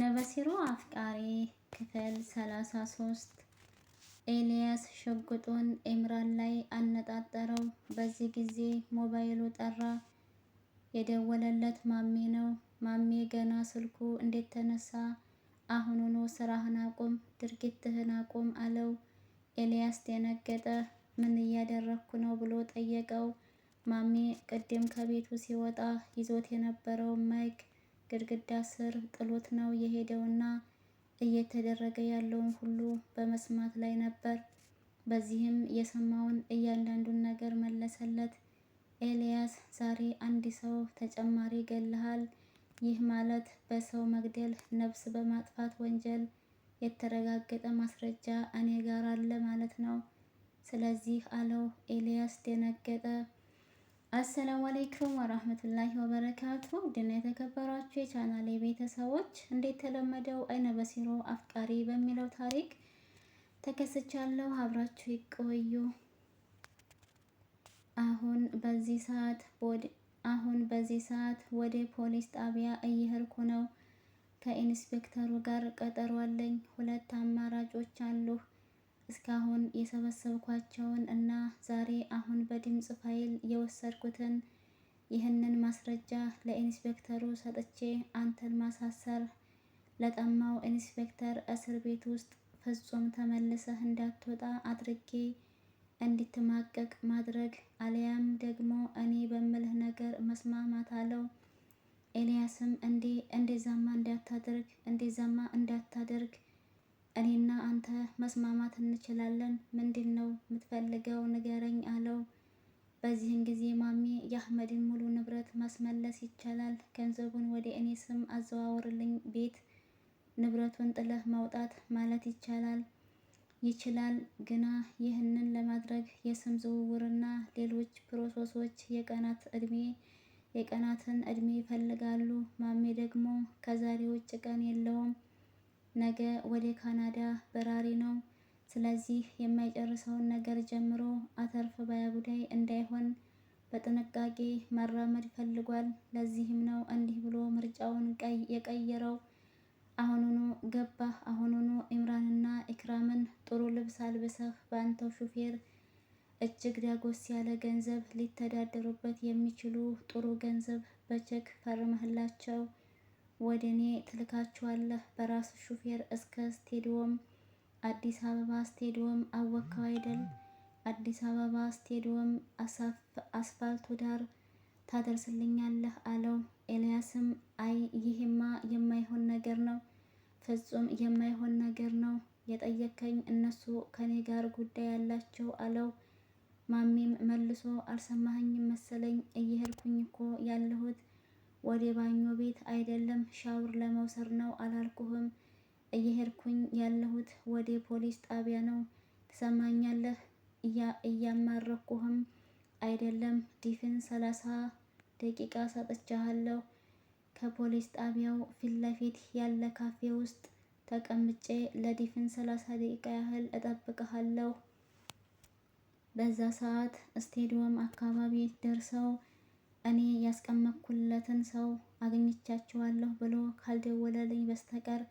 አይነ በሲሮ አፍቃሪ ክፍል 33 ሶስት ኤልያስ ሽጉጡን ኤምራን ላይ አነጣጠረው። በዚህ ጊዜ ሞባይሉ ጠራ። የደወለለት ማሜ ነው። ማሜ ገና ስልኩ እንዴት እንደተነሳ አሁኑኑ ስራህን አቁም፣ ድርጊትህን አቁም አለው። ኤልያስ ደነገጠ። ምን እያደረግኩ ነው ብሎ ጠየቀው። ማሜ ቅድም ከቤቱ ሲወጣ ይዞት የነበረውን ማይክ ግድግዳ ስር ጥሎት ነው የሄደውና እየተደረገ ያለውን ሁሉ በመስማት ላይ ነበር። በዚህም የሰማውን እያንዳንዱን ነገር መለሰለት። ኤልያስ ዛሬ አንድ ሰው ተጨማሪ ገልሃል። ይህ ማለት በሰው መግደል፣ ነፍስ በማጥፋት ወንጀል የተረጋገጠ ማስረጃ እኔ ጋር አለ ማለት ነው። ስለዚህ አለው። ኤልያስ ደነገጠ። አሰላሙ አለይኩም ወራህመቱላሂ ወበረካቱ ድና የተከበራችሁ የቻናሌ ቤተሰቦች ተለመደው አይነ በሲሮ አፍቃሪ በሚለው ታሪክ ተከስቻለሁ። አብራችሁ ይቆዩ። አሁን በዚህ ሰዓት ወደ አሁን በዚህ ሰዓት ወደ ፖሊስ ጣቢያ እየሄድኩ ነው። ከኢንስፔክተሩ ጋር ቀጠሮ አለኝ። ሁለት አማራጮች አሉ። እስካሁን የሰበሰብኳቸውን እና ዛሬ በድምጽ ፋይል የወሰድኩትን ይህንን ማስረጃ ለኢንስፔክተሩ ሰጥቼ አንተን ማሳሰር ለጠማው ኢንስፔክተር እስር ቤት ውስጥ ፍጹም ተመልሰህ እንዳትወጣ አድርጌ እንድትማቀቅ ማድረግ አሊያም ደግሞ እኔ በምልህ ነገር መስማማት አለው። ኤልያስም እንዴ እንደዛማ እንዳታደርግ እንደዛማ እንዳታደርግ እኔና አንተ መስማማት እንችላለን። ምንድን ነው የምትፈልገው ንገረኝ አለው። በዚህን ጊዜ ማሚ የአህመድን ሙሉ ንብረት ማስመለስ ይቻላል። ገንዘቡን ወደ እኔ ስም አዘዋውርልኝ፣ ቤት ንብረቱን ጥለህ ማውጣት ማለት ይቻላል ይችላል። ግና ይህንን ለማድረግ የስም ዝውውርና ሌሎች ፕሮሰሶች የቀናት እድሜ የቀናትን እድሜ ይፈልጋሉ። ማሜ ደግሞ ከዛሬ ውጭ ቀን የለውም። ነገ ወደ ካናዳ በራሪ ነው። ስለዚህ የማይጨርሰውን ነገር ጀምሮ አተርፍ ባያ ጉዳይ እንዳይሆን በጥንቃቄ መራመድ ፈልጓል። ለዚህም ነው እንዲህ ብሎ ምርጫውን የቀየረው። አሁኑኑ ገባህ፣ አሁኑኑ ኢምራንና ኢክራምን ጥሩ ልብስ አልብሰህ በአንተው ሹፌር እጅግ ዳጎስ ያለ ገንዘብ ሊተዳደሩበት የሚችሉ ጥሩ ገንዘብ በቼክ ፈርመህላቸው ወደ እኔ ትልካቸዋለህ። በራሱ ሹፌር እስከ ስቴዲዮም አዲስ አበባ ስቴዲየም አወካው አይደል? አዲስ አበባ ስቴዲየም አስፋልቱ ዳር ታደርስልኛለህ አለው። ኤልያስም አይ ይህማ የማይሆን ነገር ነው፣ ፍጹም የማይሆን ነገር ነው። የጠየከኝ እነሱ ከኔ ጋር ጉዳይ ያላቸው አለው። ማሚም መልሶ አልሰማህኝም መሰለኝ እየሄድኩኝ እኮ ያለሁት ወደ ባኞ ቤት አይደለም ሻውር ለመውሰድ ነው አላልኩህም? እየሄድኩኝ ያለሁት ወደ ፖሊስ ጣቢያ ነው። ትሰማኛለህ? እያማረኩህም አይደለም ዲፍን ሰላሳ ደቂቃ ሰጥቻሃለሁ። ከፖሊስ ጣቢያው ፊት ለፊት ያለ ካፌ ውስጥ ተቀምጬ ለዲፍን ሰላሳ ደቂቃ ያህል እጠብቅሃለሁ። በዛ ሰዓት ስቴዲየም አካባቢ ደርሰው እኔ ያስቀመጥኩለትን ሰው አግኝቻቸዋለሁ ብሎ ካልደወለልኝ በስተቀር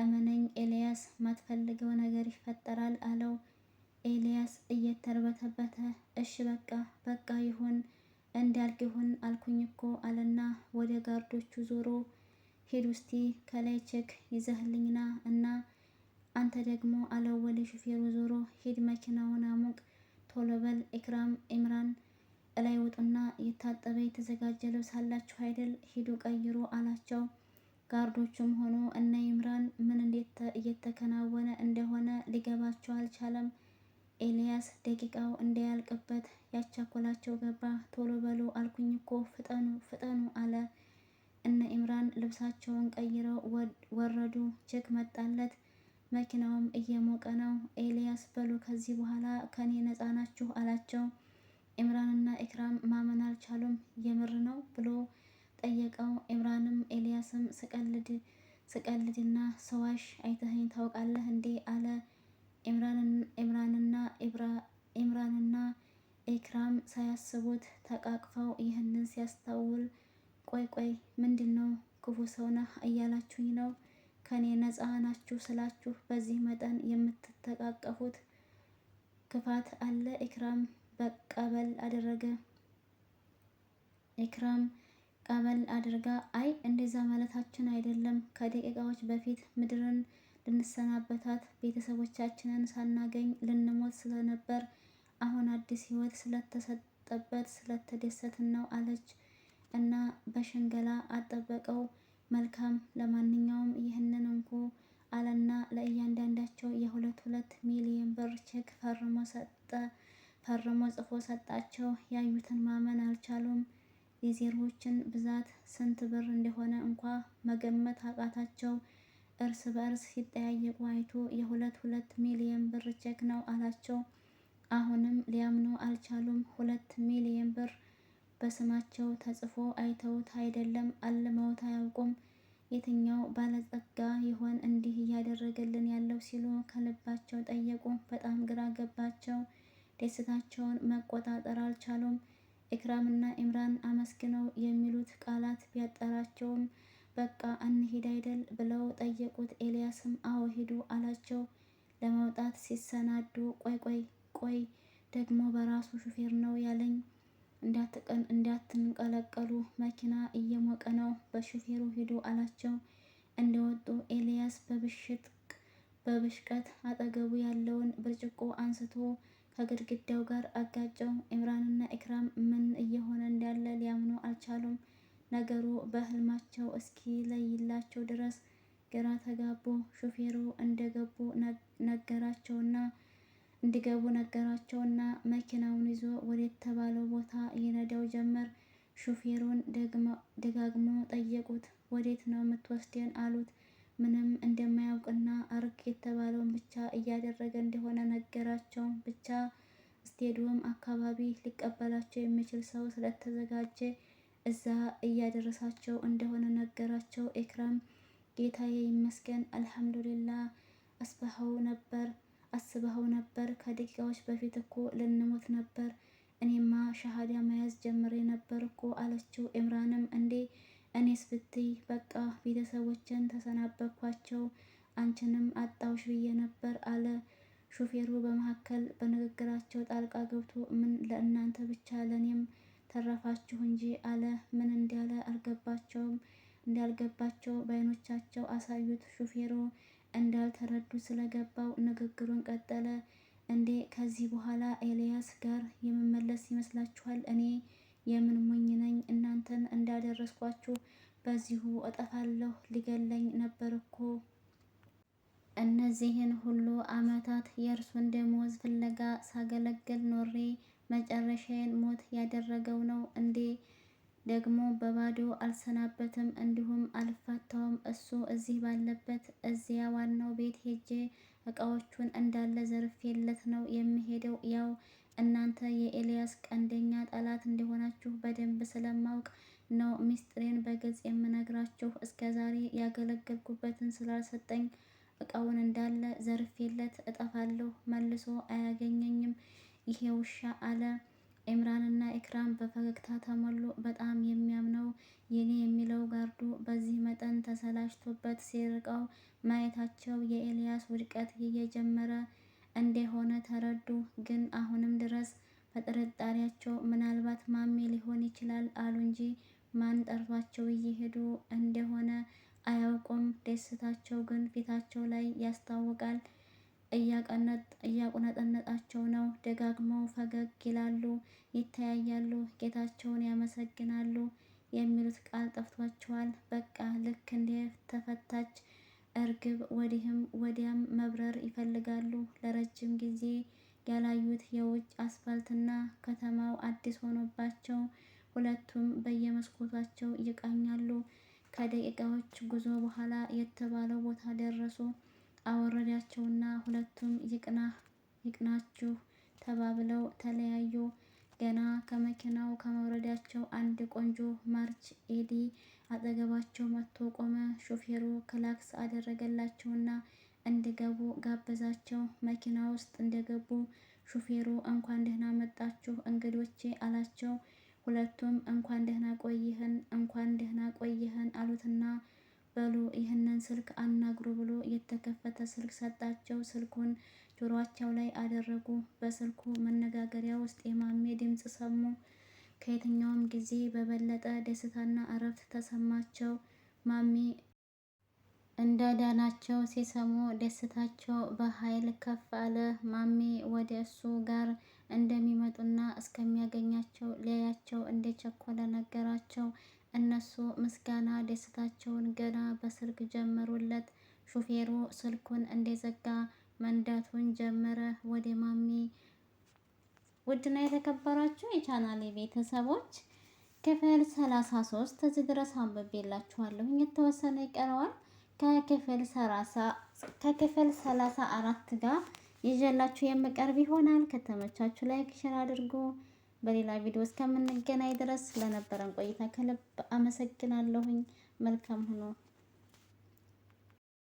እመነኝ ኤልያስ ማትፈልገው ነገር ይፈጠራል አለው። ኤልያስ እየተርበተበተ እሺ በቃ በቃ ይሁን እንዲያልክ ይሁን አልኩኝ እኮ አለና ወደ ጋርዶቹ ዞሮ ሂድ ውስቲ ከላይ ቼክ ይዘህልኝና እና አንተ ደግሞ አለው ወደ ሹፌሩ ዞሮ ሂድ መኪናውን አሙቅ ቶሎ በል ኢክራም ኢምራን እላይ ውጡና የታጠበ የተዘጋጀ ልብስ አላችሁ አይደል ሂዱ ቀይሩ አላቸው ጋርዶቹም ሆኑ እነ ይምራን ምን እንዴት እየተከናወነ እንደሆነ ሊገባቸው አልቻለም። ኤልያስ ደቂቃው እንዳያልቅበት ያቻኮላቸው ገባ። ቶሎ በሉ አልኩኝ እኮ ፍጠኑ ፍጠኑ አለ። እነ ኢምራን ልብሳቸውን ቀይረው ወረዱ። ቼክ መጣለት። መኪናውም እየሞቀ ነው። ኤልያስ በሉ ከዚህ በኋላ ከኔ ነፃ ናችሁ አላቸው። ኢምራንና ኢክራም ማመን አልቻሉም። የምር ነው ብሎ ጠየቀው። ኢምራንም ኤልያስም ስቀልድ ስቀልድና ሰዋሽ አይተኸኝ ታውቃለህ እንዴ አለ። ኤምራንና ኢምራንና ኤክራም ሳያስቡት ተቃቅፈው ይህንን ሲያስታውል ቆይ ቆይ ምንድን ነው ክፉ ሰው ነህ እያላችሁኝ ነው? ከኔ ነፃ ናችሁ ስላችሁ በዚህ መጠን የምትተቃቀፉት ክፋት አለ? ኢክራም በቀበል አደረገ። ኢክራም ቀበል አድርጋ አይ እንደዛ ማለታችን አይደለም፣ ከደቂቃዎች በፊት ምድርን ልንሰናበታት ቤተሰቦቻችንን ሳናገኝ ልንሞት ስለነበር አሁን አዲስ ህይወት ስለተሰጠበት ስለተደሰትን ነው አለች እና በሽንገላ አጠበቀው። መልካም ለማንኛውም ይህንን እንኩ አለና ለእያንዳንዳቸው የሁለት ሁለት ሚሊዮን ብር ቼክ ፈርሞ ሰጠ ፈርሞ ጽፎ ሰጣቸው። ያዩትን ማመን አልቻሉም። የዜሮዎችን ብዛት ስንት ብር እንደሆነ እንኳ መገመት አቃታቸው። እርስ በእርስ ሲጠያየቁ አይቶ የሁለት ሁለት ሚሊየን ብር ቼክ ነው አላቸው። አሁንም ሊያምኑ አልቻሉም። ሁለት ሚሊየን ብር በስማቸው ተጽፎ አይተውት አይደለም አልመውት አያውቁም። የትኛው ባለጸጋ ይሆን እንዲህ እያደረገልን ያለው ሲሉ ከልባቸው ጠየቁ። በጣም ግራ ገባቸው። ደስታቸውን መቆጣጠር አልቻሉም። ኢክራምና ኢምራን አመስግነው የሚሉት ቃላት ቢያጠራቸውም በቃ እንሂድ አይደል ብለው ጠየቁት። ኤልያስም አዎ ሂዱ አላቸው። ለመውጣት ሲሰናዱ ቆይ ቆይ ቆይ ደግሞ በራሱ ሹፌር ነው ያለኝ እንዳትንቀለቀሉ መኪና እየሞቀ ነው፣ በሹፌሩ ሂዱ አላቸው። እንደወጡ ኤልያስ በብሽት በብሽቀት አጠገቡ ያለውን ብርጭቆ አንስቶ ከግድግዳው ጋር አጋጨው። ኢምራንና ኢክራም ምን እየሆነ እንዳለ ሊያምኑ አልቻሉም። ነገሩ በህልማቸው እስኪ ለይላቸው ድረስ ግራ ተጋቡ። ሹፌሩ እንደገቡ ነገራቸውና እንዲገቡ ነገራቸውና መኪናውን ይዞ ወደ ተባለው ቦታ ይነዳው ጀመር። ሹፌሩን ደጋግሞ ጠየቁት። ወዴት ነው የምትወስደን አሉት። ምንም እንደማያውቅና አርግ የተባለውን ብቻ እያደረገ እንደሆነ ነገራቸው። ብቻ ስቴዲየም አካባቢ ሊቀበላቸው የሚችል ሰው ስለተዘጋጀ እዛ እያደረሳቸው እንደሆነ ነገራቸው። ኤክራም ጌታዬ ይመስገን አልሐምዱሊላ አስበኸው ነበር አስበኸው ነበር። ከደቂቃዎች በፊት እኮ ልንሞት ነበር። እኔማ ሻሃዳ መያዝ ጀምሬ ነበር እኮ አለችው። ኤምራንም እንዴ እኔስ ብትይ በቃ ቤተሰቦችን ተሰናበኳቸው አንቺንም አጣውሽ ብዬ ነበር አለ። ሹፌሩ በመካከል በንግግራቸው ጣልቃ ገብቶ ምን ለእናንተ ብቻ ለእኔም ተረፋችሁ እንጂ አለ። ምን እንዳለ አልገባቸውም። እንዳልገባቸው በአይኖቻቸው አሳዩት። ሹፌሩ እንዳልተረዱ ስለገባው ንግግሩን ቀጠለ። እንዴ ከዚህ በኋላ ኤልያስ ጋር የምመለስ ይመስላችኋል? እኔ የምን ሞኝ ነኝ እናንተን እንዳደረስኳችሁ በዚሁ እጠፋለሁ። ሊገለኝ ነበር እኮ። እነዚህን ሁሉ አመታት የእርሱን ደሞዝ ፍለጋ ሳገለግል ኖሬ መጨረሻዬን ሞት ያደረገው ነው እንዴ? ደግሞ በባዶ አልሰናበትም፣ እንዲሁም አልፋታውም። እሱ እዚህ ባለበት እዚያ ዋናው ቤት ሄጄ እቃዎቹን እንዳለ ዘርፌለት ነው የምሄደው ያው እናንተ የኤልያስ ቀንደኛ ጠላት እንደሆናችሁ በደንብ ስለማውቅ ነው ሚስጥሬን በግልጽ የምነግራችሁ። እስከ ዛሬ ያገለገልኩበትን ስላልሰጠኝ እቃውን እንዳለ ዘርፌለት እጠፋለሁ፣ መልሶ አያገኘኝም ይሄ ውሻ አለ። ኢምራንና ኢክራም በፈገግታ ተሞሉ። በጣም የሚያምነው የኔ የሚለው ጋርዱ በዚህ መጠን ተሰላችቶበት ሲርቀው ማየታቸው የኤልያስ ውድቀት እየጀመረ እንደሆነ ተረዱ። ግን አሁንም ድረስ በጥርጣሬያቸው ምናልባት ማሜ ሊሆን ይችላል አሉ እንጂ ማን ጠርቷቸው እየሄዱ እንደሆነ አያውቁም። ደስታቸው ግን ፊታቸው ላይ ያስታውቃል። እያቁነጠነጣቸው ነው። ደጋግመው ፈገግ ይላሉ፣ ይተያያሉ፣ ጌታቸውን ያመሰግናሉ። የሚሉት ቃል ጠፍቷቸዋል። በቃ ልክ እንደ ተፈታች እርግብ ወዲህም ወዲያም መብረር ይፈልጋሉ። ለረጅም ጊዜ ያላዩት የውጭ አስፋልትና ከተማው አዲስ ሆኖባቸው ሁለቱም በየመስኮታቸው ይቃኛሉ። ከደቂቃዎች ጉዞ በኋላ የተባለው ቦታ ደረሱ። አወረዳቸውና ሁለቱም ይቅናችሁ ተባብለው ተለያዩ። ገና ከመኪናው ከመውረዳቸው አንድ ቆንጆ ማርች ኤዲ አጠገባቸው መጥቶ ቆመ። ሾፌሩ ክላክስ አደረገላቸውና እንዲገቡ ጋበዛቸው። መኪና ውስጥ እንደገቡ ሹፌሩ እንኳን ደህና መጣችሁ እንግዶቼ አላቸው። ሁለቱም እንኳን ደህና ቆይህን እንኳን ደህና ቆይህን አሉትና በሉ ይህንን ስልክ አናግሩ ብሎ የተከፈተ ስልክ ሰጣቸው። ስልኩን ጆሮአቸው ላይ አደረጉ። በስልኩ መነጋገሪያ ውስጥ የማሜ ድምፅ ሰሙ። ከየትኛውም ጊዜ በበለጠ ደስታና እረፍት ተሰማቸው። ማሜ እንደዳናቸው ሲሰሙ ደስታቸው በኃይል ከፍ አለ። ማሜ ወደ እሱ ጋር እንደሚመጡና እስከሚያገኛቸው ሊያያቸው እንደቸኮለ ነገራቸው። እነሱ ምስጋና ደስታቸውን ገና በስልክ ጀመሩለት። ሹፌሩ ስልኩን እንደዘጋ መንዳቱን ጀመረ ወደ ማሚ። ውድና የተከበራችሁ የቻናሌ ቤተሰቦች ክፍል 33 ሶስት እዚህ ድረስ አንብቤላችኋለሁ። የተወሰነ ይቀረዋል። ከክፍል 34 ከክፍል ሰላሳ ጋር ይዤላችሁ የምቀርብ ይሆናል። ከተመቻችሁ ላይክ ሸር አድርጉ። በሌላ ቪዲዮ እስከምንገናኝ ድረስ ስለነበረን ቆይታ ከልብ አመሰግናለሁኝ። መልካም ሁኑ።